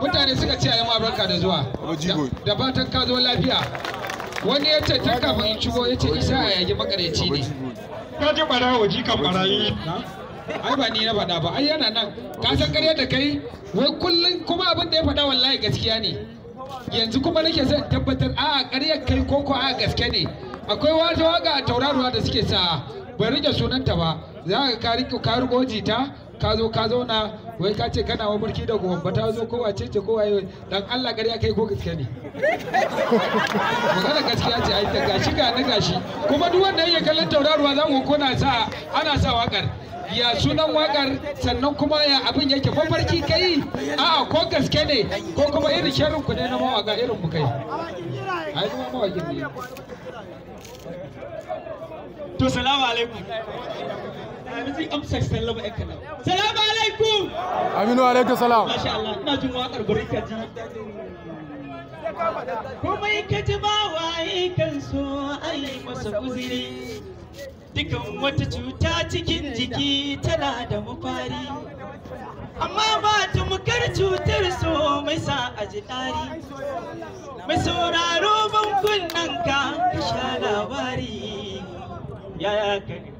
mutane suka ce ayi ma da zuwa da fatan ka zo lafiya wani ya ce tun kafin in shigo ya ce isa a yagi makareci ne ka ji barawo kan barayi ai ba ni na faɗa ba ai yana nan ka san ƙarya da kai wai kullum kuma abin da ya faɗa wallahi gaskiya ne yanzu kuma nake son tabbatar a ƙarya kai ko ko a gaske ne akwai wata waka a tauraruwa da suke sa bai rike sunanta ba za ka ka riko jita ka zo ka zauna wai ka ce kana mafarki da gobe ta zo kowa ce ce kowa yi dan Allah ƙarya kai ko gaske ne magana gaskiya ce ai ta gashi ga na gashi kuma duk wanda yake kallon tauraruwa za mu kona sa ana sa wakar ya sunan wakar sannan kuma ya abin yake mafarki kai a'a ko gaske ne ko kuma irin sharrin ku ne na mawaka irin mu kai ai kuma mawakin ne to salamu alaikum zai amsa sallama yan kalam salamu alaikum aminu alaikum salam masha Allah ina jin waƙar bari ka ji kuma ka ji ba waye kan so ai masa uzuri dukan wata cuta cikin jiki tana da mafari amma ba ta mukar cutar so mai sa a ji ɗari mai sauraro bankunan ka ka sha labari yaya ka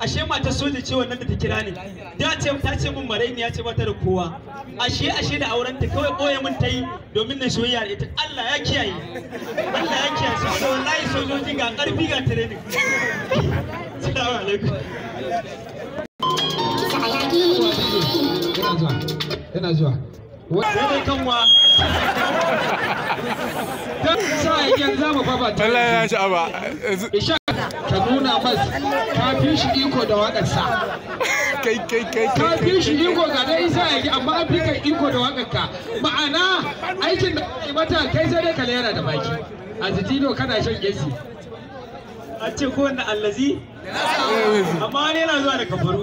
ashe mata soja ce wannan da ta kira ni da ce ta ce min maraini ya ce ba ta da kowa ashe ashe da auren ta kawai boye mun tai domin na soyayya da ita Allah ya kiyaye Allah ya kiyaye su da wallahi sojoji ga karfi ga training assalamu alaikum yana zuwa yana zuwa wani kanwa don sa yanzu mu ba ba ta Allah ya sha'aba ta nuna mas ta fi shi iko da waƙarsa kai kai kai ta fi shi iko ga dai isa yake amma fi kai iko da waƙarka ma'ana aikin da kai mata kai sai dai ka lera da baki A zidido kana shan gesi a ce ko kowanne allazi amma wani yana zuwa da kafaru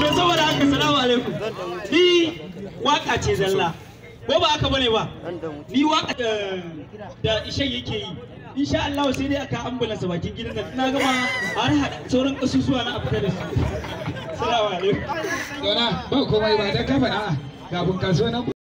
to saboda haka salamu alaikum ni waka ce zalla ko ba aka bane ba ni wa da ishe yake yi insha Allah sai dai aka ambulance bakin gidan nan na gama har hada sauran kasusuwa na afka da su salamu alaikum dona ba komai ba dan kafa a'a kafin kaso na